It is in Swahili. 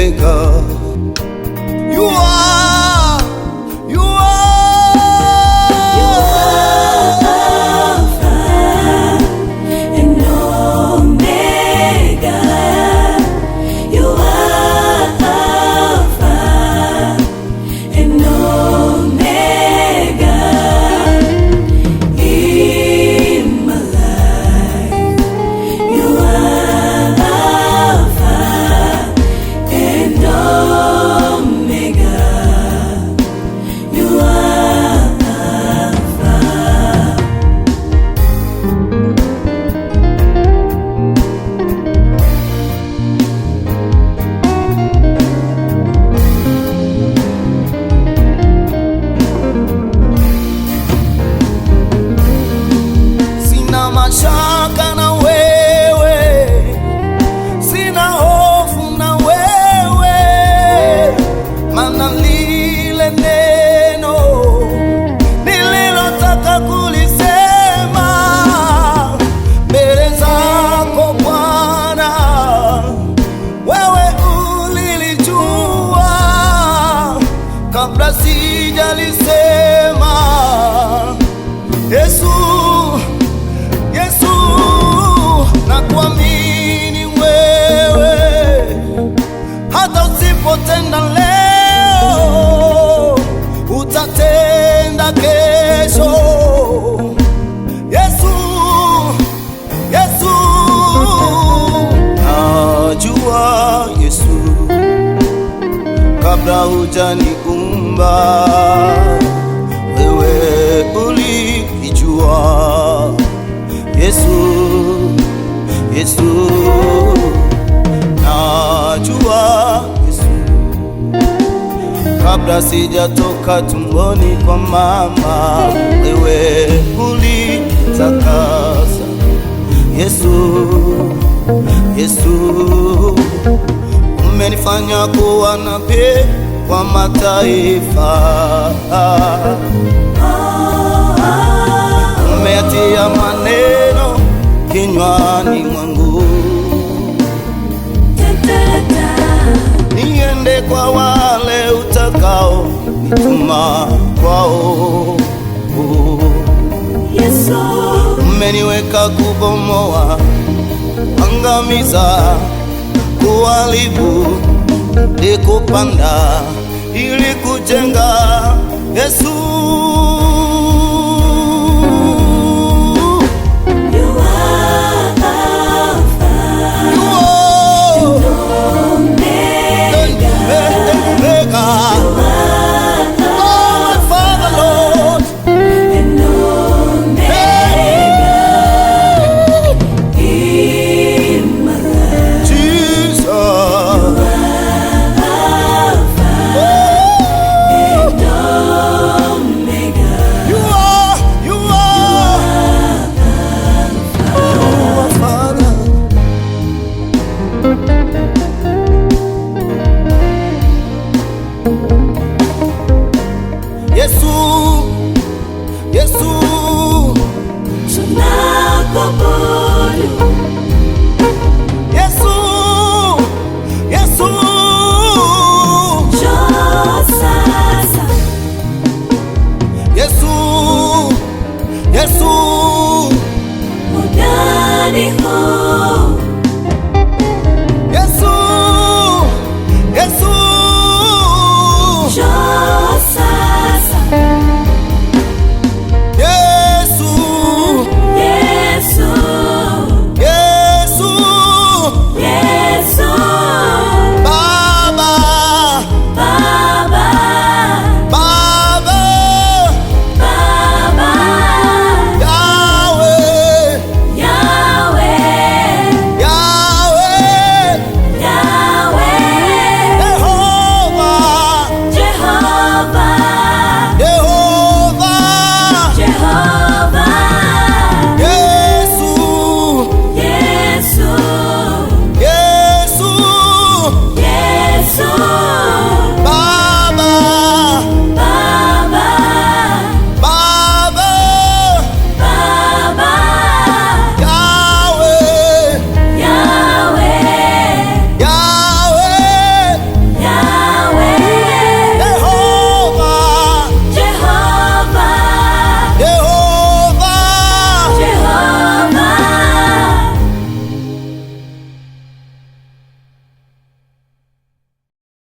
বেঘর San Brasil, Alice. kabla sijatoka tumboni kwa mama, wewe ulitakasa. Yesu, Yesu, umenifanya kuwa nabii kwa mataifa, umeatia maneno kinywani ngao nituma kwao. Yesu, mmeniweka kubomoa, angamiza, kuharibu, ni kupanda ili kujenga Yesu Yesu, Yesu tunakopo